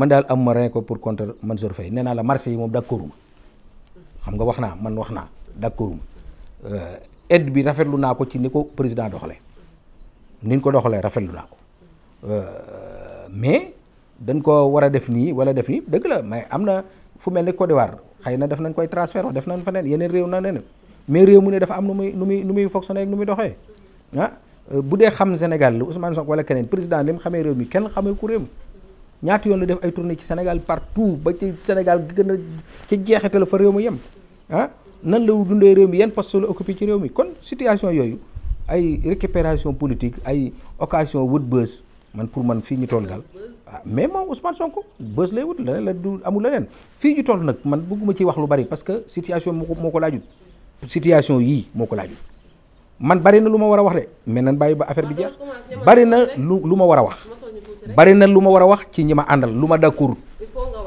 man daal am ma rien que pour contre man Faye nee naa la marché yi moom d'accorduma xam nga wax naa man wax naa d'accorduma euh, aide bi rafetlu naa ko ci ni ko président doxalee ni ñu ko doxalee lu naa ko euh, mais dañ ko war a def nii wala def nii dëgg la mais am na fu mel ni Côte d'Ivoire xëy na def nañ koy transfert wax def nañ feneen yeneen réew na ne mais réew mu ne dafa am nu muy nu muy nu muy fonctionner ak nu muy doxee ah bu dee xam Sénégal la Ousmane Sonko wala keneen président li mu xamee réew mi kenn xamee ku ñaata yoon la def ay tournée ci Sénégal partout ba ci Sénégal gën a ci jeexital fa réew mi yem ah nan la dundee réew mi yan poste la occupé ci réew mi kon situation yooyu ay récupération politique ay occasion wut bës man pour man fii ñu toll daal ah mais moom Ousmane sonk bës lay wut leneen la du amul leneen fii ñu toll nag man bëgguma ci wax lu bari parce que situation moo ko moo ko laajut situation yii moo ko laajut man bari na lu ma war a wax de mais nan ba affaire bi jeex bari na lu lu ma war a wax bari na lu ma war a wax ci ñi ma àndal lu ma d'accord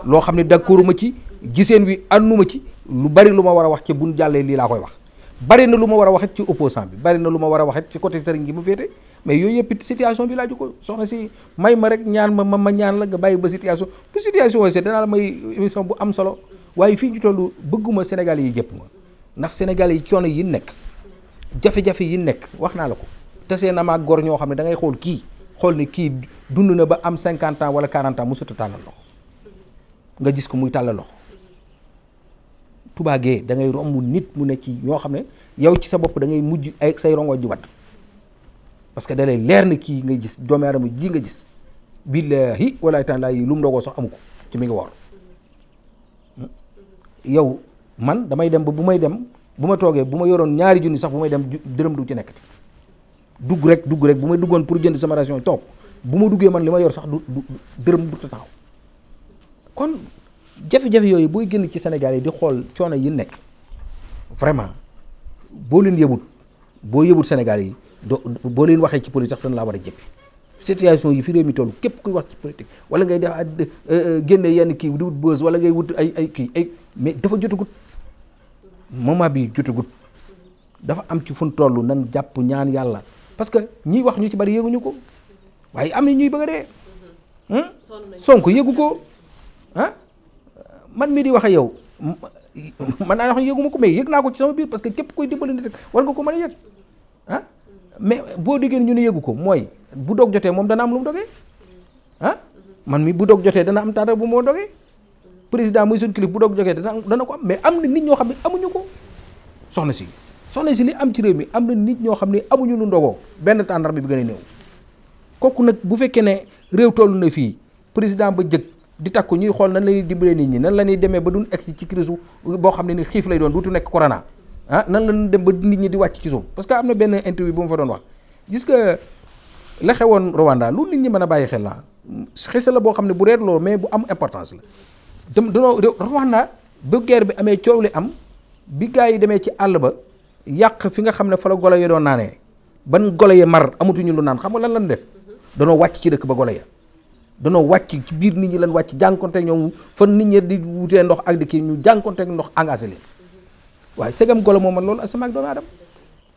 loo xam ne d'accord ma ci giseen wi ànduma ci lu bari lu ma war a wax ci bu jàllee lii laa koy wax bari na lu ma war a waxit ci opposant bi bari na lu ma war a waxit ci côté sëriñ gi mu féete mais yooyu yëpp situation bi laaju ko soxna si may ma rek ñaan ma ma ñaan la nga bàyyi ba situation bu situation wase danaa la may émission bu am solo waaye fii ñu toll bëgguma Sénégal yi jëpp ma ndax Sénégal yi coono yi nekk jafe yi nekk wax naa la ko tesee na ma góor ñoo xam ne da ngay xool kii xool ne kii dund na ba am cinquante ans wala quarante mu mosut a tàllal loxo nga gis ko muy tàllal loxo Touba Gueye da romb nit mu ne ci ñoo xam ne yow ci sa bopp da mujj ay say rongo ju wadd parce que da leer na kii ngay gis doomu aadama ji nga gis billaahi walaay taala yi lu mu doogoo sax amu ko ci mi ngi woor yow man damay dem ba bu may dem bu ma toogee bu ma yoroon ñaari junni sax bu may dem dërëm du ci nekkati dugg rek dugg rek bu ma duggoon pour jënd sama ration toog bu ma duggee man li ma yor sax du dërëm du taxaw kon jafe-jafe yooyu booy génn ci Sénégal yi di xool coono yi nekk vraiment boo leen yëbut boo yëbut Sénégal yi doo boo leen waxee ci politique sax dañ laa war a jëppi situation yi fi réew mi toll képp kuy wax ci politique wala ngay def euh, euh, génne yenn kii di wut bës wala ngay wut ay ay kii ay mais dafa jotagut moment bi jotagut dafa am ci fun toll nan jàpp ñaan yàlla parce que ñiy wax ñu ci bari yéeguñu ko waaye am na ñuy bëgg a dee. Sonko yëgu ko ah man mii di wax ak yow man naa wax ne yëguma ko mais yëg naa ko ci sama biir parce que képp kuy dimbali nit rek war nga ko mën a yëg ah mais boo déggee ñu ne yëgu ko mooy bu doog jotee moom dana am lu mu dogee ah man mi bu doog jotee dana am taata bu moo dogee président muy suñu clip bu doog jotee dana dana ko am mais am na nit ñoo xam ne amuñu ko soxna si. soxna si li am ci réew mi am na nit ñoo xam ne amuñu lu ndogoo benn tàndarma bi gën a néew kooku nag bu fekkee ne réew toll na fii président ba jëkk di takku ñuy xool nan la ñuy dimbalee nit ñi nan la ñuy demee ba duñ egsi ci crise boo xam ne ni xiif lay doon duutu nekk corona ah nan la ñuy dem ba nit ñi di wàcc ci parce que am na benn interview bu ma fa doon gis nga la xewoon Rwanda lu nit ñi mën a bàyyi xel la xisa la boo xam ne bu reer loolu mais bu am importance la dem danoo Rwanda ba guerre bi amee coow li am bi gars yi demee ci àll ba yàq fi nga xam ne fa la golo ya doon naanee ban golo ya mar amatuñu lu naan xam nga lan lan def danoo wàcc ci dëkk ba golo ya danoo wàcc ci biir nit ñi lan wàcc jànkonteeg ñoom fan nit ñi di wutee ndox ak di kii ñu jànkonteeg ndox engagé leen waaye segam golo moom man loolu asamaan ak doomu aadama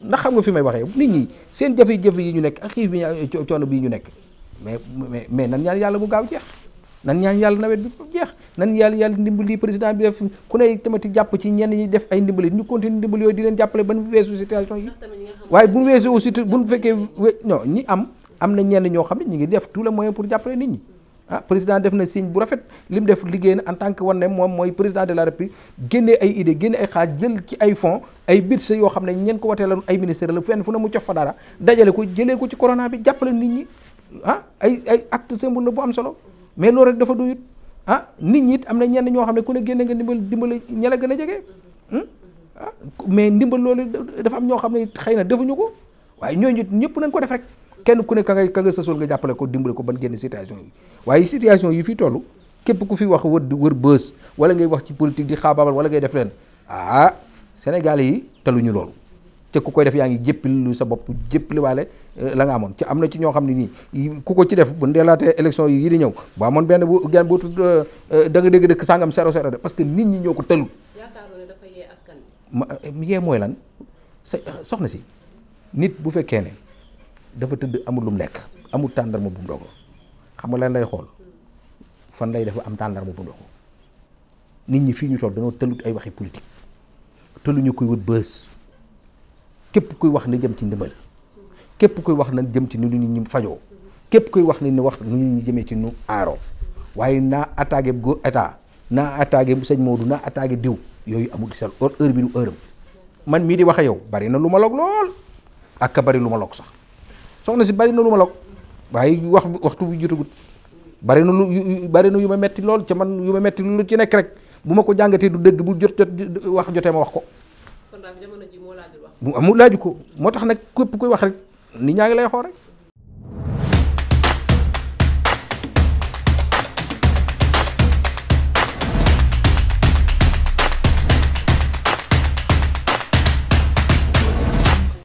ndax xam nga fi may waxee nit ñi seen jafe-jafe yi ñu nekk ak xiif bi coono bii ñu nekk mais mais nan ñaan yàlla mu gaaw jeex nan ñaan yàlla nawet bi jeex nan yàlla yàlla ndimbali président bi def ku ne tamit jàpp ci ñenn ñi def ay ndimbali ñu continue ndimbali yooyu di leen jàppale ban weesu situation yi waaye am am na ñenn ñoo xam ne ñu ngi def tout le moyen pour jàppale nit ñi ah président def na signe bu rafet li mu def liggéey na en tant que wan ne moom mooy président de la république génne ay idée génne ay xaaj jël ci ay fonds ay budget yoo xam ne ñeen ko watee la ay ministère la fenn fu ne mu cof fa dara dajale ko jëlee ko ci corona bi jàppale nit ñi ah ay ay acte symbole la bu am solo mais loolu rek dafa doyut ah nit ñi it am na ñenn ñoo xam ne ku ne génne nga ndimbal dimbali ña a gën a jege hmm? ah, mais ndimbal loolu dafa am ñoo xam ne xëy na defuñu ko waaye ñooñu it ñëpp nañ ko def rek kenn ku ne ka ngay ka nga sësool nga jàppale ko dimbali ko ban génn situation yi waaye situation yi fi toll képp ku fi wax wër wër bës wala ngay wax ci politique di xaabaabal wala ngay def leen ah Sénégal yi taluñu loolu. te ku koy def yaa ngi jéppil lu sa bopp jéppil waale euh, la nga amoon ci am na ci ñoo xam ne nii ku ko ci def bu ndeelaatee élection yi di ñëw bu amoon benn bu genn bu tudd euh, euh, da nga dégg dëkk sangam sero sero parce que nit ñi ñoo ko tëlu. yaakaaroo ne dafa mooy lan sa si nit bu fekkee ne dafa tëdd amul lum lekk amul tàndarma bu mu dogo xam nga lan lay xool fan lay def am tàndarma bu mu nit ñi fii ñu toll danoo tëlut ay waxi politique tëluñu koy wut bës. képp kuy wax na jëm ci ndimbal képp kuy wax na jëm ci ni ñu ñu fajoo képp kuy wax ni wax nu ñu jëmee ci nu aaroo waaye naa attaqué go état naa attaqué sëñ Modou naa attaqué diw yooyu amul sel heure bi du heure man mii di wax yow bari na lu ma log lool ak bari lu ma log sax soxna si bari na lu ma log waaye wax waxtu bi jotagut bari na lu bari na yu ma metti lool ci man yu ma metti lu ci nekk rek bu ma ko jàngatee du dëgg bu jot jot wax jotee ma wax ko jamono ji moo laajul wax mu amul laaju ko moo tax nag képp kuy wax rek nit ñaa ngi lay xool rek